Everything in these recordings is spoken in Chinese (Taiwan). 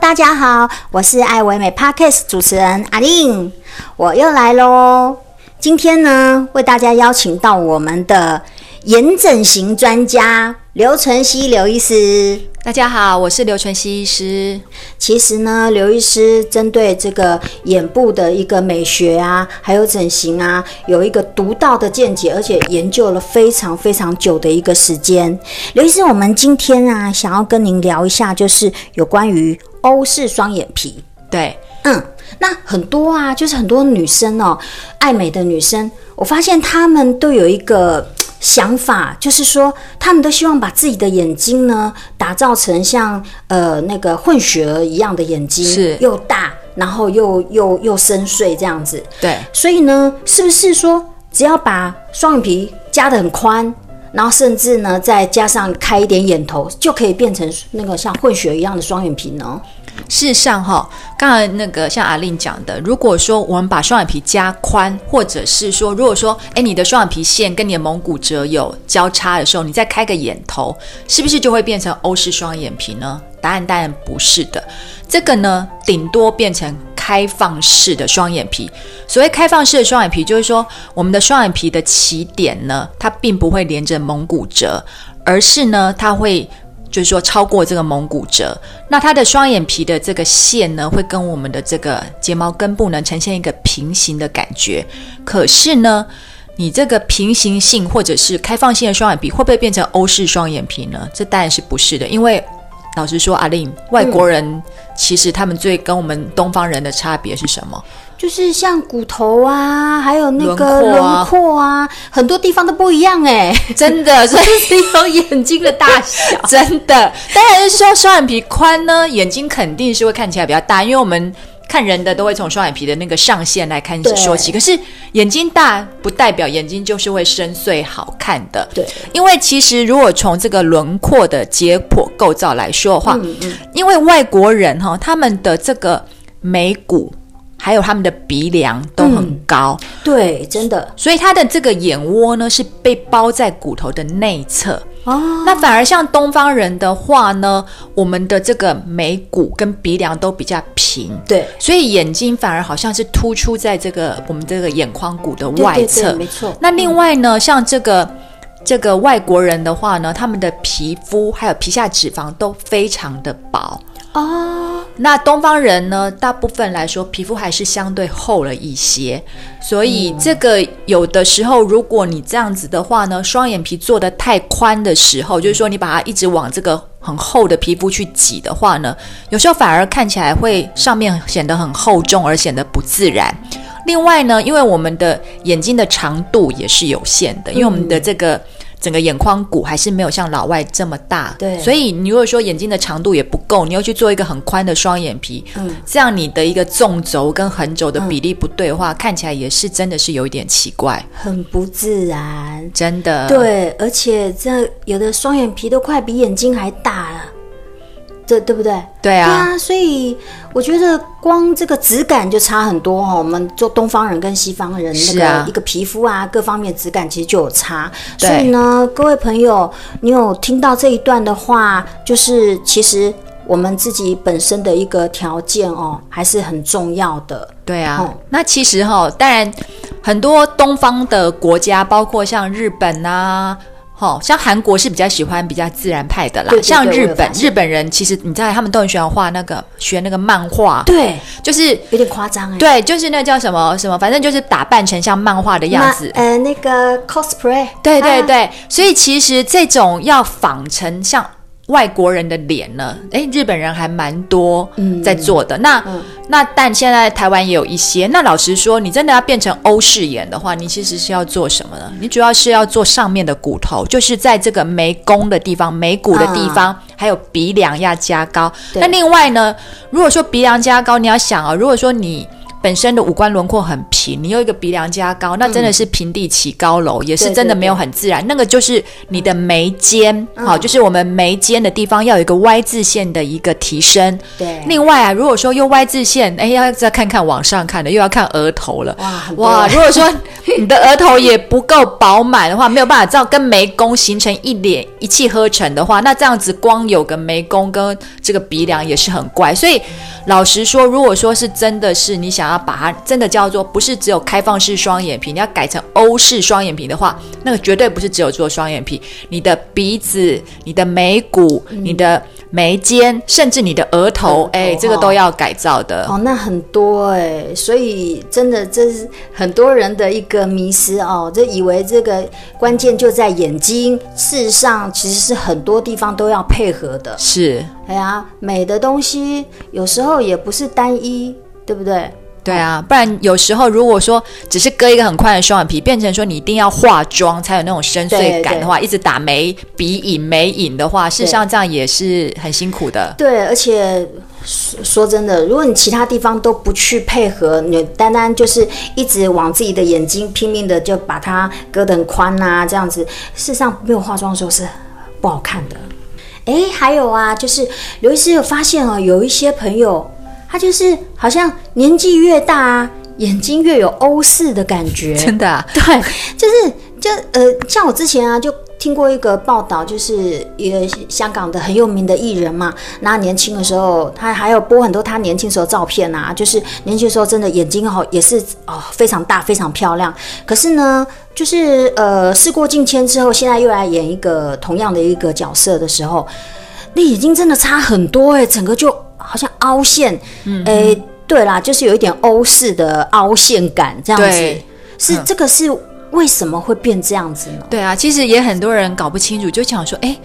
大家好，我是愛惟美 Podcast 主持人阿玲，in, 我又來嘍。今天呢，為大家邀請到我們的眼整形專家劉淳熙劉醫師。大家好，我是劉淳熙醫師。其實呢，劉醫師針對這個眼部的一個美學啊，還有整形啊，有一個獨到的見解，而且研究了非常非常久的一個時間。劉醫師，我們今天啊，想要跟您聊一下，就是有關於。歐式雙眼皮，對，嗯，那很多啊，就是很多女生哦，愛美的女生，我發現她們都有一個想法，就是說，她們都希望把自己的眼睛呢，打造成像呃那個混血兒一樣的眼睛，是又大，然後又又又深邃這樣子，對，所以呢，是不是說，只要把雙眼皮加得很寬？然後甚至呢，再加上開一點眼頭，就可以變成那個像混血一樣的雙眼皮呢？哦。事實上，哦，哈，剛才那個像阿令講的，如果說我們把雙眼皮加寬，或者是說，如果說，哎，你的雙眼皮線跟你的蒙古褶有交叉的時候，你再開個眼頭，是不是就會變成歐式雙眼皮呢？答案當然不是的，這個呢，頂多變成。開放式的雙眼皮，所謂開放式的雙眼皮就是說我們的雙眼皮的起點呢，它並不會連着蒙古褶，而是呢，它會就是說超過這個蒙古褶。那它的雙眼皮的這個線呢，會跟我們的這個睫毛根部呢呈現一個平行的感覺。可是呢，你這個平行性或者是開放性的雙眼皮，會不會變成歐式雙眼皮呢？這當然是不是的，因為老實說，阿令外國人。嗯其實他們最跟我們東方人的差別是什麼？就是像骨頭啊，還有那個輪廓啊，廓啊廓啊很多地方都不一樣哎、欸，真的。所以有眼睛的大小， 真的。當然是說雙眼皮寬呢，眼睛肯定是會看起來比較大，因為我們。看人的都會，從雙眼皮的那個上限來看對說起，可是眼睛大不代表眼睛就是會深邃好看的。對，因為其實如果從這個輪廓的解剖構造來說的話，嗯嗯因為外國人哈、哦，他們的這個眉骨還有他們的鼻梁都很高，嗯、對，真的。所以他的這個眼窩呢是被包在骨頭的內側。哦，oh. 那反而像東方人的話呢，我們的這個眉骨跟鼻梁都比較平，對，所以眼睛反而好像是突出在這個我們這個眼眶骨的外側，對對對，沒錯。那另外呢，像這個這個外國人的話呢，他們的皮膚還有皮下脂肪都非常的薄。哦，oh, 那東方人呢，大部分來說皮膚還是相對厚了一些，所以這個有的時候，如果你這樣子的話呢，雙眼皮做得太寬的時候，就是說你把它一直往這個很厚的皮膚去擠的話呢，有時候反而看起來會上面顯得很厚重，而顯得不自然。另外呢，因為我們的眼睛的長度也是有限的，因為我們的這個。整個眼眶骨還是沒有像老外這麼大，對。所以你如果說眼睛的長度也不夠，你又去做一個很寬的雙眼皮，嗯，這樣你的一個縱軸跟橫軸的比例不對的話，嗯，看起來也是真的是有一點奇怪，很不自然，真的。對，而且這有的雙眼皮都快比眼睛還大了。對不對？對啊，對啊，所以我覺得光這個質感就差很多哦。我們做東方人跟西方人那個一個皮膚啊，啊各方面質感其實就有差。對所以呢，各位朋友，你有聽到這一段的話，就是其實我們自己本身的一個條件哦，還是很重要的。對啊，嗯、那其實哈、哦，當然很多東方的國家，包括像日本吶、啊。哦，像韓國是比較喜歡比較自然派的啦，對對對，像日本日本人，其實你知道他們都很喜歡畫那個學那個漫畫，對、欸，就是有點誇張哎，對，就是那叫什麼什麼，反正就是打扮成像漫畫的樣子，呃，那個 cosplay，對對對，啊、所以其實這種要仿成像。外國人的臉呢？誒，日本人還蠻多在做的。那、嗯、那，嗯、那但現在台灣也有一些。那老實說，你真的要變成歐式眼的話，你其實是要做什麼呢？嗯、你主要是要做上面的骨頭，就是在這個眉弓的地方、眉骨的地方，啊、還有鼻梁要加高。對那另外呢，如果說鼻梁加高，你要想啊、哦，如果說你。本身的五官輪廓很平，你有一個鼻梁加高，那真的是平地起高樓，嗯、也是真的沒有很自然。對對對，那個就是你的眉間，嗯、好，就是我們眉間的地方要有一個 Y 字線的一個提升。對。另外啊，如果說用 Y 字線，哎，要再看看往上看的，又要看額頭了。哇哇，如果說你的額頭也不夠飽滿的話， 沒有辦法照，這樣跟眉弓形成一臉一氣呵成的話，那這樣子光有個眉弓跟這個鼻梁也是很怪，所以。老實說，如果說是真的是你想要把它真的叫做不是只有開放式雙眼皮，你要改成歐式雙眼皮的話，那個絕對不是只有做雙眼皮，你的鼻子、你的眉骨、嗯、你的。眉間，甚至你的額頭，哎，這個都要改造的。哦，那很多哎、欸，所以真的這是很多人的一個迷思哦，就以為這個關鍵就在眼睛，事實上其實是很多地方都要配合的。是，哎呀，美的東西有時候也不是單一，對不對？對啊，不然有時候如果說只是割一個很寬的雙眼皮，變成說你一定要化妝才有那種深邃感的話，一直打眉鼻影眉影的話，事實上這樣也是很辛苦的。對，對，而且說，說真的，如果你其他地方都不去配合，你單單就是一直往自己的眼睛拼命的就把它割得很寬啊，這樣子事實上沒有化妝的時候是不好看的。哎，還有啊，就是劉醫師有發現哦，有一些朋友。他就是好像年紀越大、啊，眼睛越有歐式的感覺。 真的、啊，對，就是就呃，像我之前啊，就聽過一個報道，就是一個香港的很有名的藝人嘛。那年輕的時候，他還有播很多他年輕時候的照片吶、啊，就是年輕的時候真的眼睛好，也是哦非常大非常漂亮。可是呢，就是呃事過境遷之後，現在又來演一個同樣的一個角色的時候，那眼睛真的差很多哎、欸，整個就。好像凹陷，哎、嗯欸，對啦，就是有一點歐式的凹陷感這樣子，對是這個是為什麼會變這樣子呢？嗯、對啊，其實也很多人搞不清楚，就想說，哎、欸，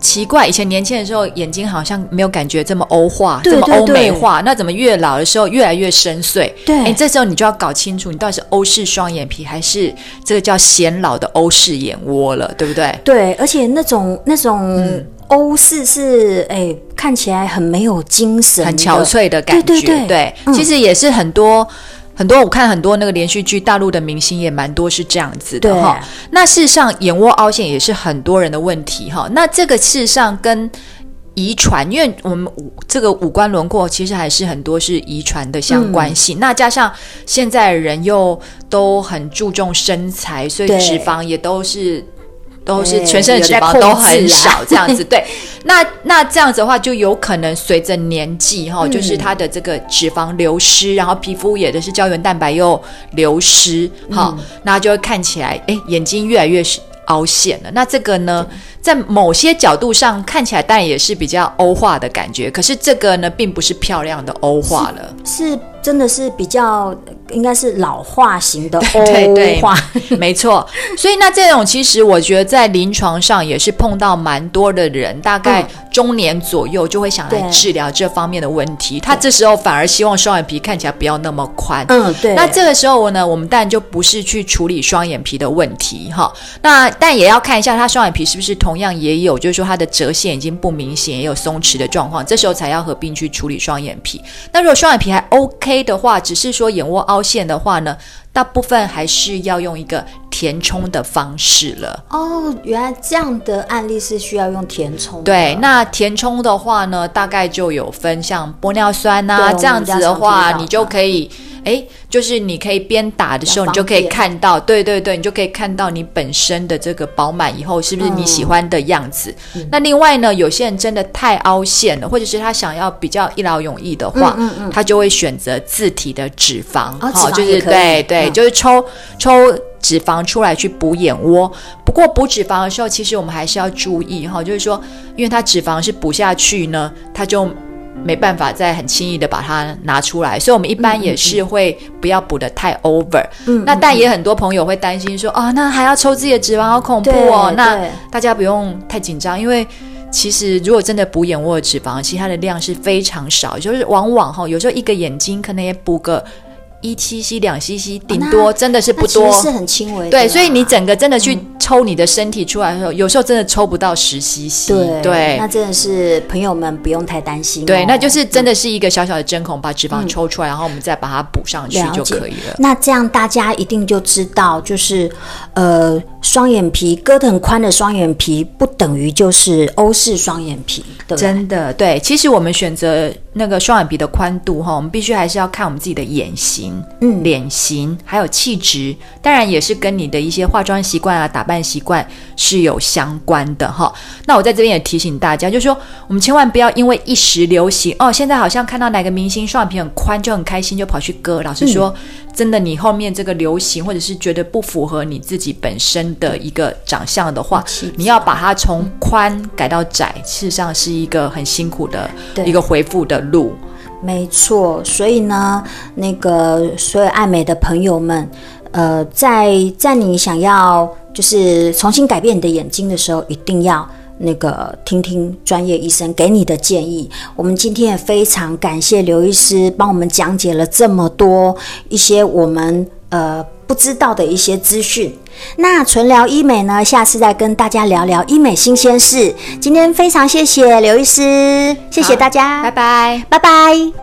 奇怪，以前年輕的時候眼睛好像沒有感覺這麼歐化，對這麼歐美化，對對對，那怎麼越老的時候越來越深邃？對、欸，這時候你就要搞清楚，你到底是歐式雙眼皮，還是這個叫顯老的歐式眼窩了，對不對？對，而且那種那種。嗯歐式是哎，看起來很沒有精神，很憔悴的感覺，對，對對。對嗯、其實也是很多很多，我看很多那個連續劇，大陸的明星也蠻多是這樣子的哈。啊、那事實上，眼窩凹陷也是很多人的問題哈。那這個事實上跟遺傳，因為我們五這個五官輪廓其實還是很多是遺傳的相關性。嗯、那加上現在人又都很注重身材，所以脂肪也都是。都是全身的脂肪都很少，啊、這樣子對。那那這樣子的話，就有可能隨着年紀哈、 哦，就是它的這個脂肪流失，然後皮膚也就是膠原蛋白又流失哈、嗯哦，那就會看起來哎、欸、眼睛越來越凹陷了。那這個呢，對在某些角度上看起來，但也是比較歐化的感覺，可是這個呢，並不是漂亮的歐化了。是，真的是比較應該是老化型的對，對對，化 沒錯。所以那這種其實我覺得在臨床上也是碰到蠻多的人，嗯、大概中年左右就會想來治療這方面的問題。對他這時候反而希望雙眼皮看起來不要那麼寬。嗯，對。那這個時候呢，我們當然就不是去處理雙眼皮的問題哈。那但也要看一下他雙眼皮是不是同樣也有，就是說他的折線已經不明顯，也有鬆弛的狀況，這時候才要合併去處理雙眼皮。那如果雙眼皮，還 OK 的話，只是說眼窩凹陷的話呢，大部分還是要用一個填充的方式了。哦，原來這樣的案例是需要用填充的。對，那填充的話呢，大概就有分像玻尿酸吶、啊哦、這樣子的話，你，的，你就可以。誒，就是你可以邊打的時候，你就可以看到，對對對，你就可以看到你本身的這個飽滿以後是不是你喜歡的樣子。嗯、那另外呢，有些人真的太凹陷了，或者是他想要比較一勞永逸的話，嗯嗯嗯、他就會選擇自體的脂肪，哈、哦，就是對對，對嗯、就是抽抽脂肪出來去補眼窩。不過補脂肪的時候，其實我們還是要注意哈、哦，就是說，因為它脂肪是補下去呢，它就。沒辦法再很輕易的把它拿出來，所以我們一般也是會不要補得太 over。嗯，嗯嗯，那但也很多朋友會擔心說，哦，那還要抽自己的脂肪，好恐怖哦。那大家不用太緊張，因為其實如果真的補眼窩的脂肪，其實它的量是非常少，就是往往哈、哦，有時候一個眼睛可能也補個。一七 c 兩 cc 頂多、哦，真的是不多，其實是很輕微、啊。對，所以你整個真的去抽你的身體出來的時候，嗯、有時候真的抽不到十 cc。對，對那真的是朋友們不用太擔心、哦。對，那就是真的是一個小小的針孔、嗯、把脂肪抽出來，然後我們再把它補上去就可以了、嗯了。那這樣大家一定就知道，就是呃雙眼皮，割得很寬的雙眼皮不等於就是歐式雙眼皮，對不對？對真的對，其實我們選擇那個雙眼皮的寬度哈，我們必須還是要看我們自己的眼型。嗯，臉型還有氣質，當然也是跟你的一些化妝習慣啊、打扮習慣是有相關的哈。那我在這邊也提醒大家，就是說我們千萬不要因為一時流行哦，現在好像看到哪個明星雙眼皮很寬就很開心，就跑去割。老實說，嗯、真的，你後面這個流行或者是覺得不符合你自己本身的一個長相的話，質你要把它從寬改到窄，事實上是一個很辛苦的對一個恢復的路。沒錯，所以呢，那個所有愛美的朋友們，呃，在在你想要就是重新改變你的眼睛的時候，一定要那個聽聽專業醫生給你的建議。我們今天也非常感謝劉醫師幫我們講解了這麼多一些我們呃。不知道的一些資訊，那淳聊醫美呢，下次再跟大家聊聊醫美新鮮事。今天非常謝謝劉醫師，好謝謝大家，拜拜，拜拜。